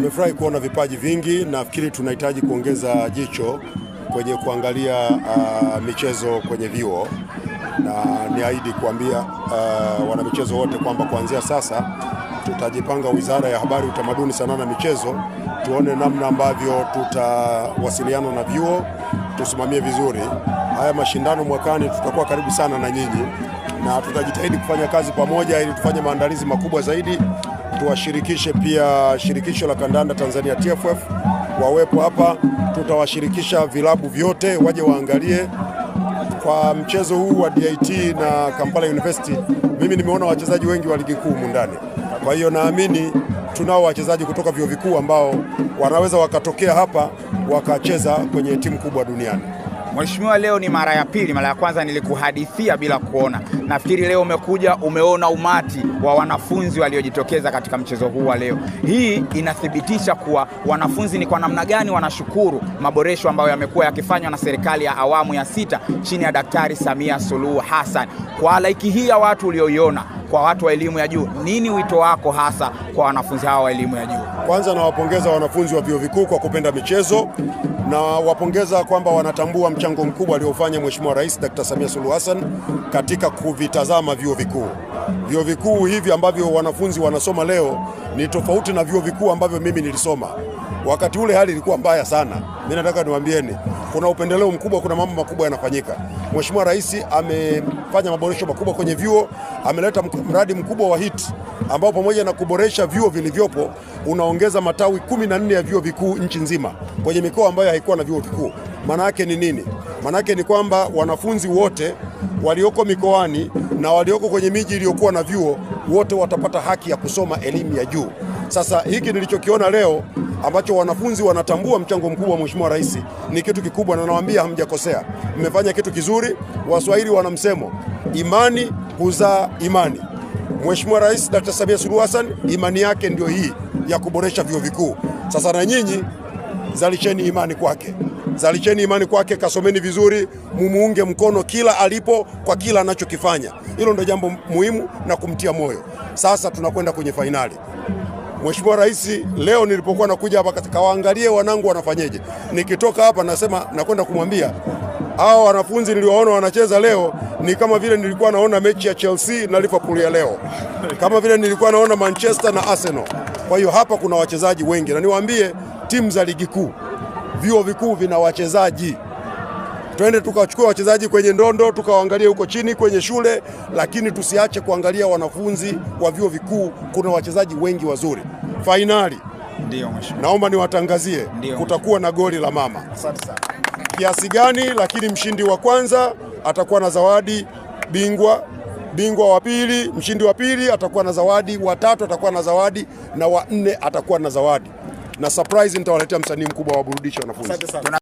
Nimefurahi kuona vipaji vingi. Nafikiri tunahitaji kuongeza jicho kwenye kuangalia uh, michezo kwenye vyuo, na niahidi kuambia uh, wanamichezo wote kwamba kuanzia sasa tutajipanga, Wizara ya Habari, Utamaduni, Sanaa na Michezo, tuone namna ambavyo tutawasiliana na vyuo, tusimamie vizuri haya mashindano. Mwakani tutakuwa karibu sana na nyinyi, na tutajitahidi kufanya kazi pamoja ili tufanye maandalizi makubwa zaidi tuwashirikishe pia shirikisho la kandanda Tanzania TFF wawepo hapa, tutawashirikisha vilabu vyote waje waangalie kwa mchezo huu wa DIT na Kampala University. Mimi nimeona wachezaji wengi wa ligi kuu mundani ndani, kwa hiyo naamini tunao wachezaji kutoka vyuo vikuu ambao wanaweza wakatokea hapa wakacheza kwenye timu kubwa duniani. Mheshimiwa, leo ni mara ya pili. Mara ya kwanza nilikuhadithia bila kuona. Nafikiri leo umekuja umeona umati wa wanafunzi waliojitokeza katika mchezo huu wa leo. Hii inathibitisha kuwa wanafunzi ni kwa namna gani wanashukuru maboresho ambayo yamekuwa yakifanywa na serikali ya awamu ya sita chini ya Daktari Samia Suluhu Hassan. Kwa halaiki hii ya watu ulioiona kwa watu wa elimu ya juu, nini wito wako hasa kwa wanafunzi hawa wa elimu ya juu? Kwanza nawapongeza wanafunzi wa vyuo vikuu kwa kupenda michezo na wapongeza kwamba wanatambua mchango mkubwa aliofanya Mheshimiwa Rais Dr. Samia Suluhu Hassan katika kuvitazama vyuo vikuu. Vyuo vikuu hivi ambavyo wanafunzi wanasoma leo ni tofauti na vyuo vikuu ambavyo mimi nilisoma. Wakati ule hali ilikuwa mbaya sana. Mimi nataka niwaambieni, kuna upendeleo mkubwa, kuna mambo makubwa yanafanyika. Mheshimiwa Rais amefanya maboresho makubwa kwenye vyuo, ameleta mradi mkubwa wa HIT ambao pamoja na kuboresha vyuo vilivyopo unaongeza matawi kumi na nne ya vyuo vikuu nchi nzima kwenye mikoa ambayo haikuwa na vyuo vikuu. Maana yake ni nini? Maana yake ni kwamba wanafunzi wote walioko mikoani na walioko kwenye miji iliyokuwa na vyuo wote watapata haki ya kusoma elimu ya juu. Sasa hiki nilichokiona leo ambacho wanafunzi wanatambua mchango mkubwa wa Mheshimiwa Rais ni kitu kikubwa, na nawaambia hamjakosea, mmefanya kitu kizuri. Waswahili wana msemo, imani huzaa imani. Mheshimiwa Rais Dr. Samia Suluhu Hassan imani yake ndio hii ya kuboresha vyuo vikuu. Sasa na nyinyi zalisheni imani kwake, zalisheni imani kwake, kasomeni vizuri, mumuunge mkono kila alipo kwa kila anachokifanya. Hilo ndio jambo muhimu na kumtia moyo. Sasa tunakwenda kwenye fainali. Mheshimiwa Rais leo nilipokuwa nakuja hapa katika, waangalie wanangu wanafanyeje. Nikitoka hapa nasema nakwenda kumwambia hawa wanafunzi niliowaona wanacheza leo ni kama vile nilikuwa naona mechi ya Chelsea na Liverpool ya leo, kama vile nilikuwa naona Manchester na Arsenal. Kwa hiyo hapa kuna wachezaji wengi, na niwaambie timu za ligi kuu, vyuo vikuu vina wachezaji Twende tukawachukua wachezaji kwenye ndondo, tukawaangalia huko chini kwenye shule, lakini tusiache kuangalia wanafunzi wa vyuo vikuu. Kuna wachezaji wengi wazuri. Fainali ndio mheshimiwa, naomba niwatangazie kutakuwa na goli la mama. Asante sana. Kiasi gani? Lakini mshindi wa kwanza atakuwa na zawadi bingwa bingwa wa pili, mshindi wa pili atakuwa na zawadi, wa tatu atakuwa na zawadi na wa nne atakuwa na zawadi, na surprise nitawaletea msanii mkubwa wa burudisha wanafunzi.